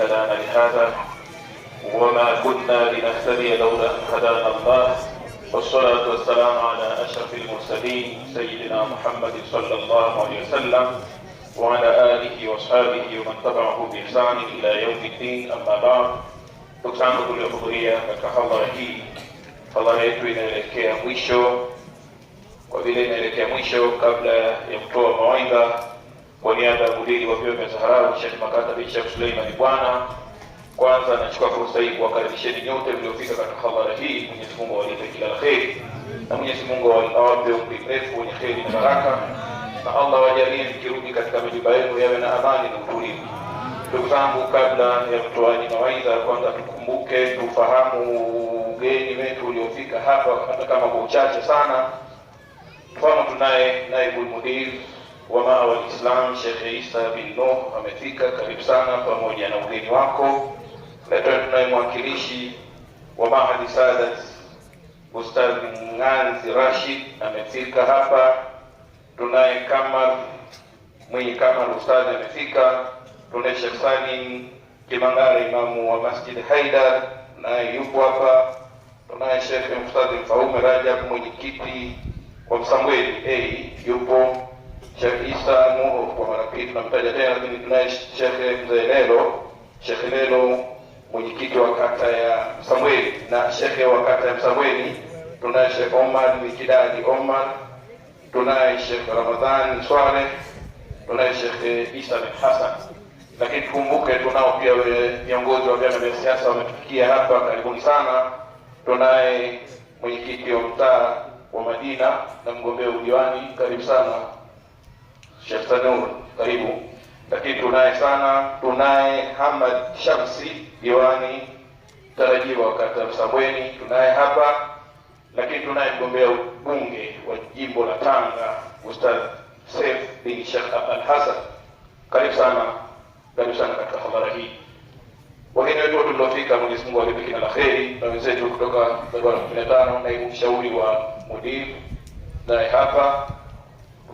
هدانا لهذا وما كنا لنهتدي لولا ان هدانا الله والصلاه والسلام على اشرف المرسلين سيدنا محمد صلى الله عليه وسلم وعلى اله واصحابه ومن تبعه باحسان الى يوم الدين اما بعد Tuksanduku la kuhudhuria katika hadhara الله hadhara yetu inaelekea mwisho. Kwa vile inaelekea mwisho, kabla ya kutoa Kwa niaba ya mdiri wa vyuo vya Zaharau Nishati Makata bin Sheikh Suleiman Bwana, kwanza nachukua fursa hii kuwakaribisheni nyote mliofika katika hadhara hii. Mwenyezi Mungu awalipe kila la kheri na Mwenyezi Mungu awape umri mrefu wenye kheri na baraka, na Allah wajalie mkirudi katika majumba yenu yawe na amani na utulivu. Ndugu zangu, kabla ya kutoaji mawaidha, kwanza tukumbuke, tufahamu ugeni wetu uliofika hapa, hata kama kwa uchache sana. Mfano tunaye naibu mudiri Wamaa wa Islam Sheikh Isa bin Nuh amefika, karibu sana pamoja na ugeni wako. Leo tunaye mwakilishi wa Mahadi Sadat Ustadh Mnganzi Rashid amefika hapa. Tunaye Kamal Mwinyi Kamal Ustadh amefika. Tunaye Sheikh Salim Kimangara imamu wa Masjid Haidar naye yupo hapa. Tunaye Sheikh Mustadhi Mfaume Rajab mwenyekiti wa Msambweni A hey, yupo Sheikh Isa Mungo, kwa mara pili tunamtaja tena, lakini tunaye Sheikh Mzee Sheikh Lelo mwenyekiti wa kata ya Msambweni na Sheikh wa kata ya Msambweni, tunaye Sheikh Omar Mikidadi Omar, tunaye Sheikh Ramadhan Swale, tunaye Sheikh Isa bin Hassan. Lakini tukumbuke tunao pia viongozi wa vyama vya siasa wametufikia hapa, karibuni sana. Tunaye mwenyekiti wa mtaa wa Madina na mgombea udiwani, karibu sana Sheikh Sanur, karibu. Lakini tunaye sana, tunaye Hamad Shamsi, diwani tarajiwa kata Msambweni, tunaye hapa lakini tunaye mgombea ubunge wa jimbo la Tanga Ustadh Seif bin Sheikh Abdul Hassan, karibu sana, karibu sana katika hadhara hii. Wageni wetu tuliofika, Mwenyezi Mungu awalipe kila la kheri, na wenzetu kutoka barabara 15 na mshauri wa mudiru naye hapa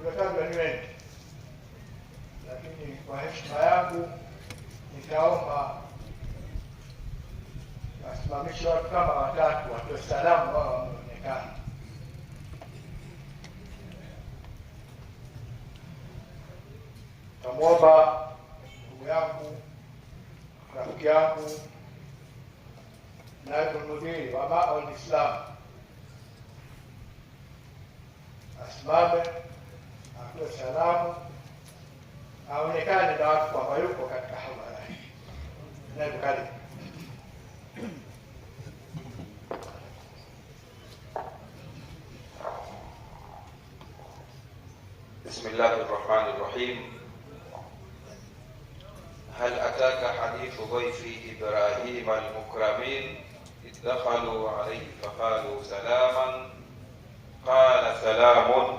tumetajwa ni wengi, lakini kwa heshima yangu nitaomba wasimamishe watu kama watatu watoe salamu wao wameonekana Namwomba ndugu yangu rafiki yangu naibu mudiri wa Maol Islam asimame. akiwa salama aonekane na watu kwamba katika hadhara بسم الله الرحمن الرحيم هل أتاك حديث ضيف إبراهيم المكرمين إذ دخلوا عليه فقالوا سلاما قال سلام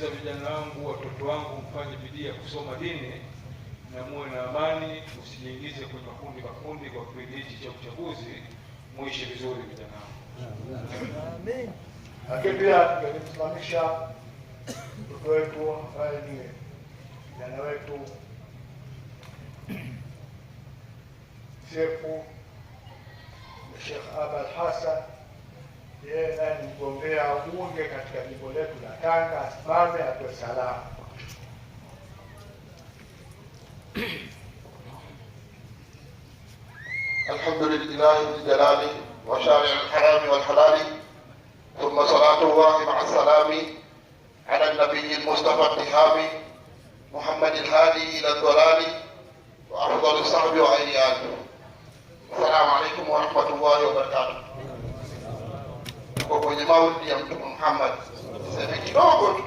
nawahimiza vijana wangu, watoto wangu, mfanye bidii ya kusoma dini na muwe na amani, usijiingize kwenye makundi makundi. Kwa kipindi hichi cha uchaguzi, muishi vizuri vijana wangu. Lakini pia tukalimsimamisha mtoto wetu ambaye ni kijana wetu Sefu Sheikh Abal Hasan الحمد لله ذي جلاله وشارع الحرام والحلال ثم صلاة الله مع السلام على النبي المصطفى التهامي محمد الهادي إلى الضلال وأفضل الصحب وعيني آله السلام عليكم ورحمة الله وبركاته tuko kwenye maulidi ya Mtume Muhammad, sehemu kidogo tu,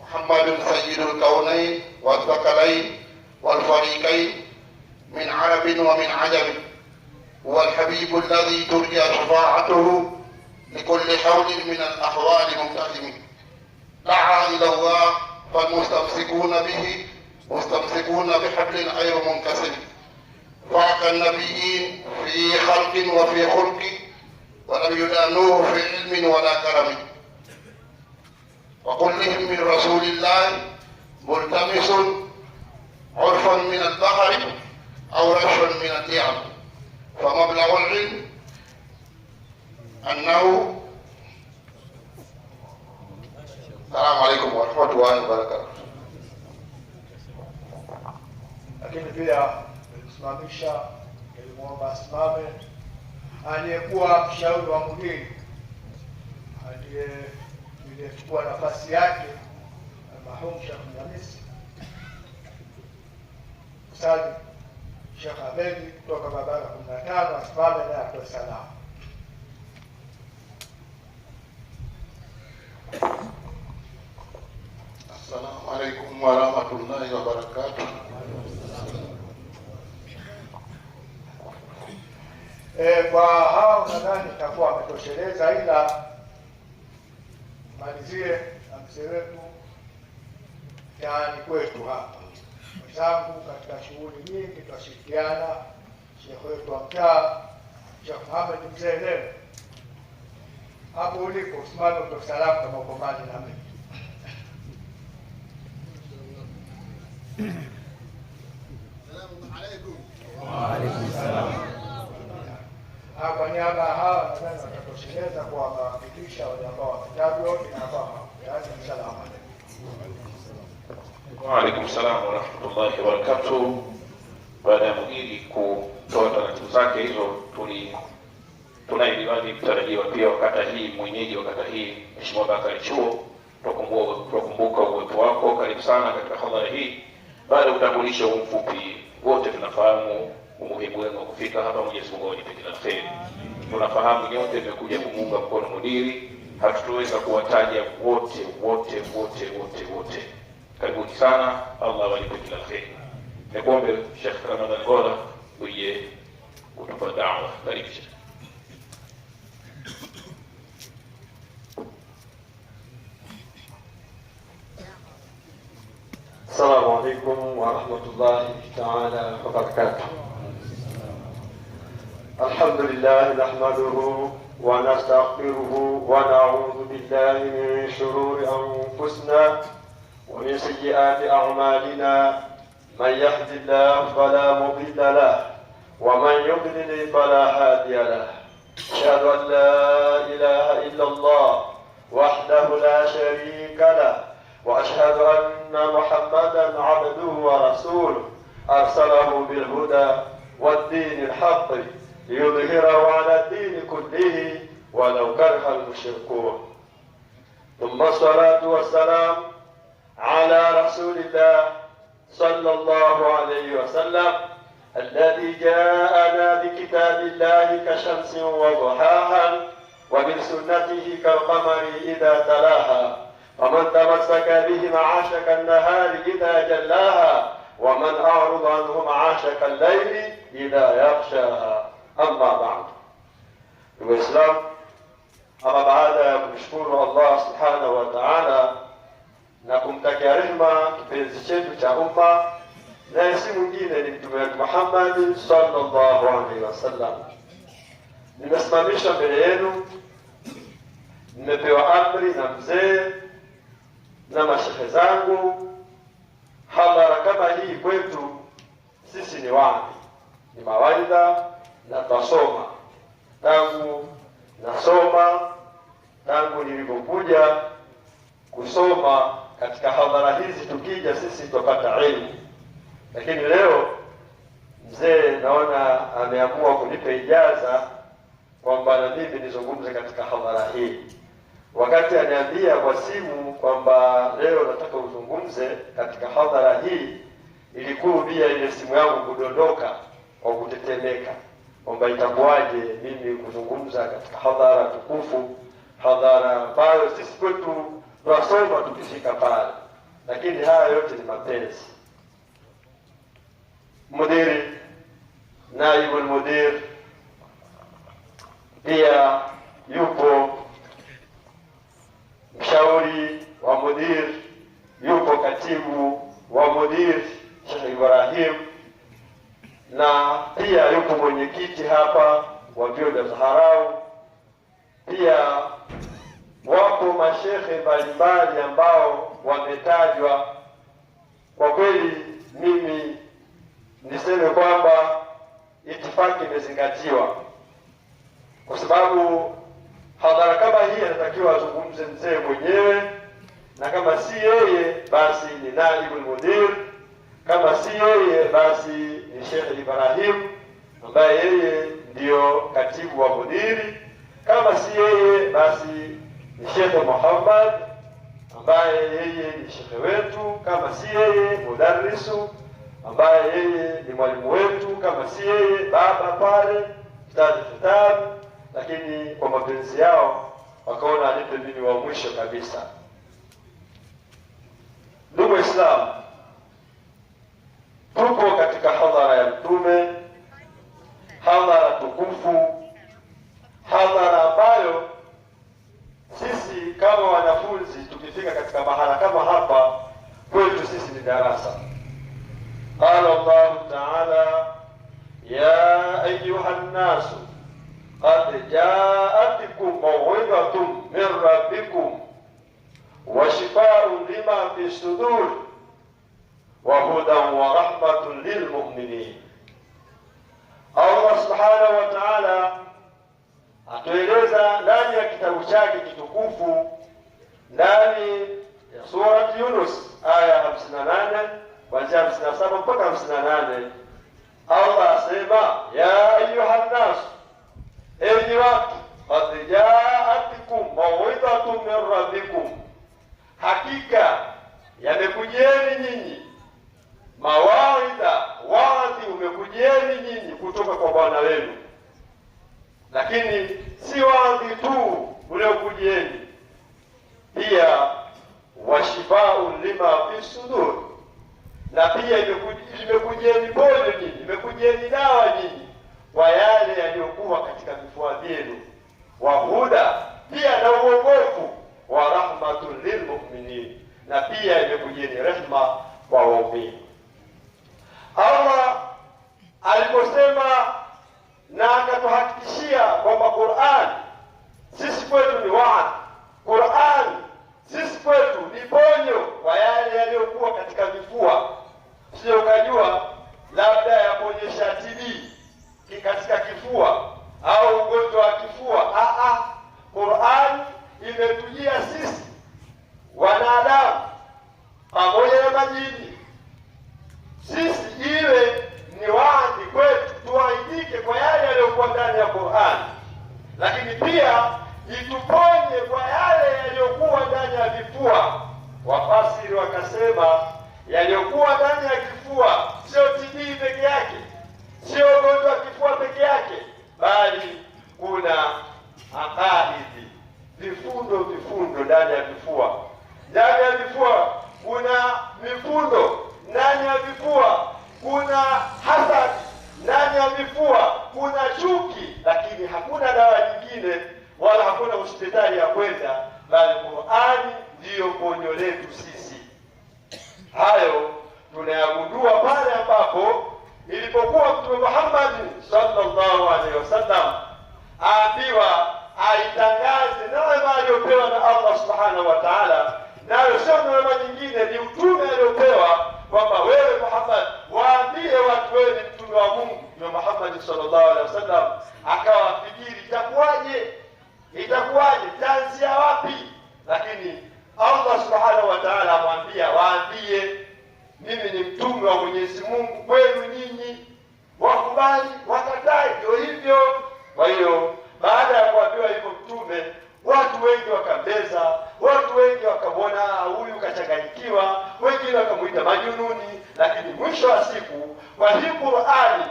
Muhammadun sayyidul kaunain wadhakarain walfariqain min arabin wa min ajabin huwa alhabibu alladhi turja shafaatuhu likulli hawlin min alahwali mumtahimin daa ila llah falmustamsikuna bihi mustamsikuna bihablin ghayru munkasir فاق النبيين في خلق وفي خلق ولم يدانوه في علم ولا كرم وقل لهم من رسول الله ملتمس عرفا من البحر أو رشا من الديار فمبلغ العلم أنه السلام عليكم ورحمة الله وبركاته lakini pia ilimsimamisha, ilimwomba asimame aliyekuwa mshauri wa mgeni aliyechukua nafasi yake marhum Sheikh Hamisi Ustadhi Sheikh Abedi kutoka barabara kumi na tano asimame naye atoe salamu. Assalamu alaikum warahmatullahi wabarakatuh. E, kwa hao nadhani itakuwa ametosheleza ila malizie na mzee wetu yani kwetu hapa mwenzangu, katika shughuli nyingi twashirikiana, shehe wetu wa mtaa Sheikh Muhammad mzee leo hapo uliko usimame utoe salamu kama uko mbali na mimi. Salamu alaykum niaba ya hawa nadhani watatosheleza kuwafikisha wale ambao wametajwa na ambao hawakuyazi msalama. Waalaikum salaam warahmatullahi wabarakatuh. Baada ya mgili kutoa taratibu zake hizo, tuli tunaye diwani mtarajiwa pia wa kata hii, mwenyeji wa kata hii, Mheshimiwa Bakari Chuo, twakumbuka uwepo wako. Karibu sana katika hadhara hii. Baada ya utambulisho huu mfupi wote tunafahamu umuhimu wenu wa kufika hapa. Mwenyezi Mungu awajalie kila kheri. Tunafahamu nyote mmekuja kumuunga mkono mudiri, hatutoweza kuwataja wote wote wote wote wote. Karibuni sana, Allah awalipe kila kheri. Nikuombe Sheikh Ramadhani Gora uje kutupa dawa. Karibu Sheikh. السلام عليكم ورحمة الله تعالى وبركاته الحمد لله نحمده ونستغفره ونعوذ بالله من شرور أنفسنا ومن سيئات أعمالنا من يهد الله فلا مضل له ومن يضلل فلا هادي له أشهد أن لا إله إلا الله وحده لا شريك له وأشهد أن أن محمدا عبده ورسوله أرسله بالهدى والدين الحق ليظهره على الدين كله ولو كره المشركون ثم الصلاة والسلام على رسول الله صلى الله عليه وسلم الذي جاءنا بكتاب الله كشمس وضحاها ومن سنته كالقمر إذا تلاها فمن تمسك به معاشك النهار إذا جلاها ومن أعرض عنه معاشك الليل إذا يخشاها أما بعد الإسلام أما بعد نشكر الله سبحانه وتعالى نقوم تكارهما في الزشيد تأمة لا يسمى دين محمد صلى الله عليه وسلم نسمى مشا بلينو نبيو أمري نمزي na mashehe zangu, hadhara kama hii kwetu sisi ni wapi? Ni mawaidha na tasoma. Tangu nasoma tangu nilipokuja kusoma katika hadhara hizi, tukija sisi tupata elimu, lakini leo mzee naona ameamua kunipa ijaza kwamba na mimi nizungumze katika hadhara hii wakati aniambia kwa simu kwamba leo nataka uzungumze katika hadhara hii, pia ile simu yangu kudondoka kwa kutetemeka, kwamba itakuwaje mimi kuzungumza katika hadhara tukufu, hadhara ambayo sisi kwetu tunasoma tukifika pale, lakini haya yote ni mapenzi mudiri na kama si yeye basi ni naibu mudir, kama si yeye basi ni Sheikh Ibrahim ambaye yeye ndiyo katibu wa mudiri, kama si yeye basi ni Sheikh Muhammad ambaye yeye ni shekhe wetu, kama si yeye mudarrisu ambaye yeye ni mwalimu wetu, kama si yeye baba pale Ustadhi Kitabu. Lakini kwa mapenzi yao wakaona anipe mimi wa mwisho kabisa. Ndugu Waislamu, tuko katika hadhara ya Mtume, hadhara tukufu, hadhara ambayo sisi kama wanafunzi tukifika katika mahala الصدور وهدى ورحمة للمؤمنين الله سبحانه وتعالى أتوليزا ناني كتاب شاكي تتكوفو ناني سورة يونس آية 58 وانسي 57 بك 58 الله سيما يا أيها الناس أي وقت قد جاءتكم موضة من ربكم حقيقة umekujieni nyinyi, mawaidha wazi umekujieni nyinyi kutoka kwa Bwana wenu, lakini si wazi tu uliokujieni, pia washifau lima fi sudur, na pia imekujieni pojo nyinyi, imekujieni dawa nyinyi kwa yale yaliyokuwa katika vifua vyenu, wahuda pia na uongofu wa rahmatu lilmuminin na pia imekujieni rehma kwa waumini. Allah aliposema na akatuhakikishia kwamba Qur'an sisi kwetu ni waadi, Qur'an sisi kwetu ni ponyo kwa yale yaliyokuwa katika vifua. Sio ukajua labda yaponyesha TB katika kifua au ugonjwa wa kifua. Aa, Qur'an imetujia sisi wanadamu pamoja na majini, sisi iwe ni waadi kwetu, tuwaidike kwa yale yaliyokuwa ndani ya Qur'ani, lakini pia ituponye kwa yale yaliyokuwa ndani ya vifua. Wafasiri wakasema yaliyokuwa ndani ya kifua, sio TB peke yake, sio ugonjwa wa kifua peke yake, bali kuna akaidi vifundo vifundo ndani ya vifua ndani ya vifua kuna mifundo, ndani ya vifua kuna hasadi, ndani ya vifua kuna chuki, lakini hakuna dawa nyingine wala hakuna hospitali ya kwenda, bali Qur'ani ndiyo ponyo letu sisi. Hayo tunayagundua pale ambapo ilipokuwa Mtume Muhammad sallallahu alaihi wasallam mrefu wa hii Qur'ani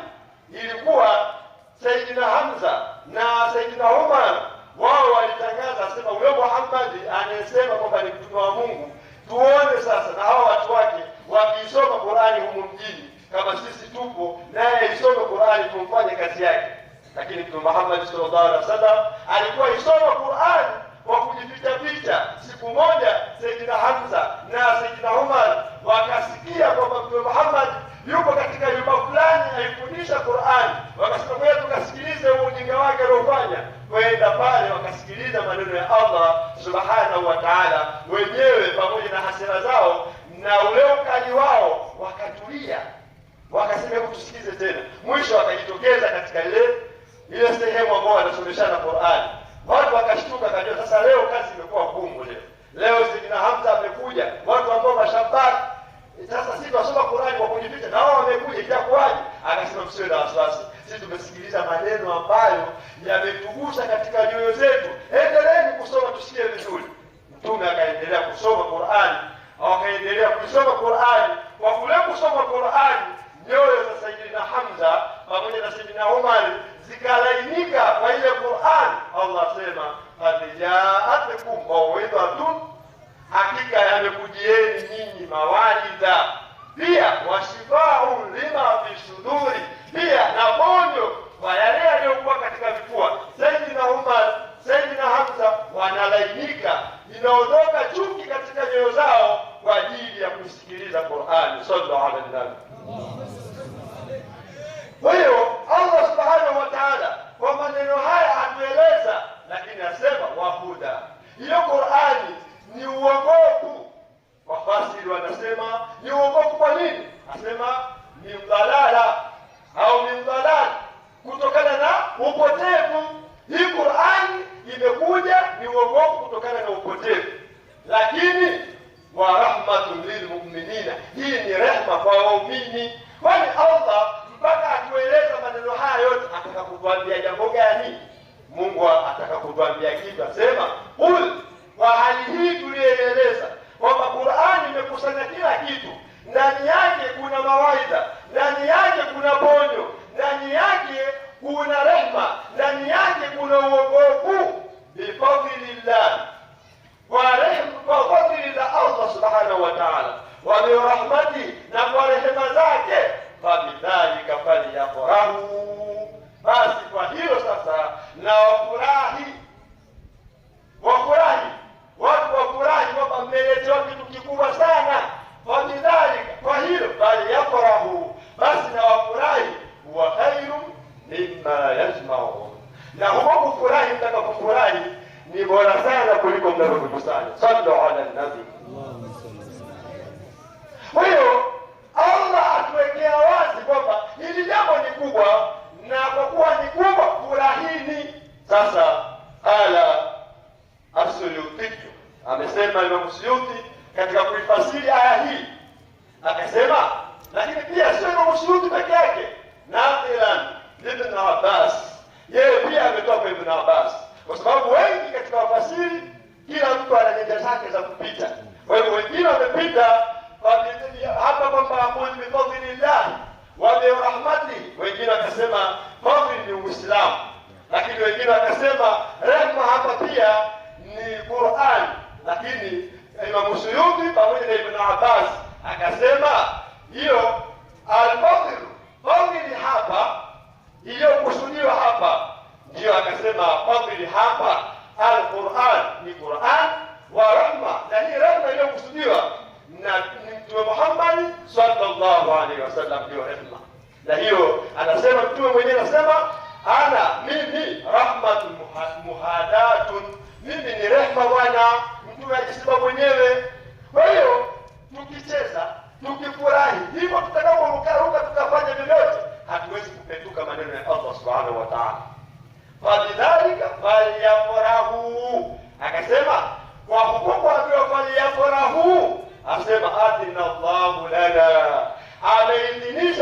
ilikuwa Saidina Hamza na Saidina Umar, wao walitangaza sema huyo Muhammad anayesema kwamba ni mtume wa Mungu. Tuone sasa na hao watu wake wakiisoma Qur'ani humu mjini kama sisi tupo naye isome Qur'ani tumfanye kazi yake. Lakini Mtume Muhammad sallallahu alaihi wasallam alikuwa isoma Qur'ani kwa picha Siku moja Sayyidina Hamza na Saidina Umar wakasikia kwamba Mtume Muhammad yuko katika nyumba fulani aifundisha Qur'ani, wakasema kwenda tukasikilize ujinga wake aliofanya. Kwenda pale wakasikiliza maneno ya Allah subhanahu wa ta'ala wenyewe pamoja anasema adijaatkum mauidhatun, hakika yamekujieni nyinyi mawaidha, pia washifau lima fi suduri, pia na ponyo kwa yale yaliyokuwa katika vifua. Saidina Umar, Saidina Hamza wanalainika, inaondoka chuki katika nyoyo zao kwa ajili ya kusikiliza Qur'ani. Sallallahu alaihi wasallam. Kwa hiyo Allah subhanahu wa ta'ala kwa maneno haya atueleza lakini nasema wahuda. Hiyo Qur'ani ni uongofu. Wafasiri wanasema ni uongofu. Kwa nini? Nasema ni mdalala au ni mdalala kutokana na upotevu. Hii Qur'ani imekuja ni uongofu kutokana na upotevu, lakini wa rahmatun lilmuminina, hii ni rehma kwa waumini. atakapotuambia kitu asema kul. Kwa hali hii tuliyoeleza kwamba Qur'ani imekusanya kila kitu, ndani yake kuna mawaidha, ndani yake kuna ponyo, ndani yake kuna rehma, ndani yake kuna uongofu bifadlillah, kwa rehma, kwa fadhili za Allah subhanahu wa ta'ala, wa na kwa rehema zake, fabidhalika falyafrahu, basi kwa hiyo sasa na wafurahi, wafurahi watu wafurahi kwamba mmeletewa kitu kikubwa sana. Fabidhalika, kwa hiyo bali yafrahu, basi na wafurahi, huwa khairu mima yajmaun, na huo kufurahi mtakapofurahi ni bora sana kuliko mnavyokusanya. Sallu ala nabi. Kwa hiyo Allah atuwekea wazi kwamba hili jambo ni kubwa na kwa kuwa ni kubwa furahini. Sasa ala absolutitu, amesema Imam Suyuti katika kuifasiri aya hii, akasema lakini pia sio Imam Suyuti peke yake, naqilan Ibn Abbas, yeye pia ametoa kwa Ibn Abbas, kwa sababu wengi katika wafasiri kila mtu ana nyanja zake za kupita. Kwa hivyo wengine wamepita hapa kwamba mifadhilillahi wabeu rahmati, wengine wakasema maghfirah ni Uislamu, lakini wengine wakasema rehma hapa pia ni Qur'an, lakini Imam Suyuti pamoja na Ibn Abbas akasema hiyo al-maghfirah maghfirah hapa iliyokusudiwa hapa ndio akasema maghfirah hapa al-Qur'an ni Qur'an wa rahma, na hii rahma iliyokusudiwa na Mtume Muhammad sallallahu alaihi wasallam ndio rehma. Na hiyo anasema mtume mwenyewe anasema, ana mimi rahmatun muhadatun, mimi ni rehma bwana. Mtume ajisema mwenyewe. Kwa hiyo tukicheza, tukifurahi hivyo, tutakaporukaruka, tukafanya vyovyote, hatuwezi kupetuka maneno ya Allah subhanahu wa ta'ala. Falidhalika falyafrahu, akasema kwa huko kwa falyafrahu asema atina Allahu lana, ameidhinisha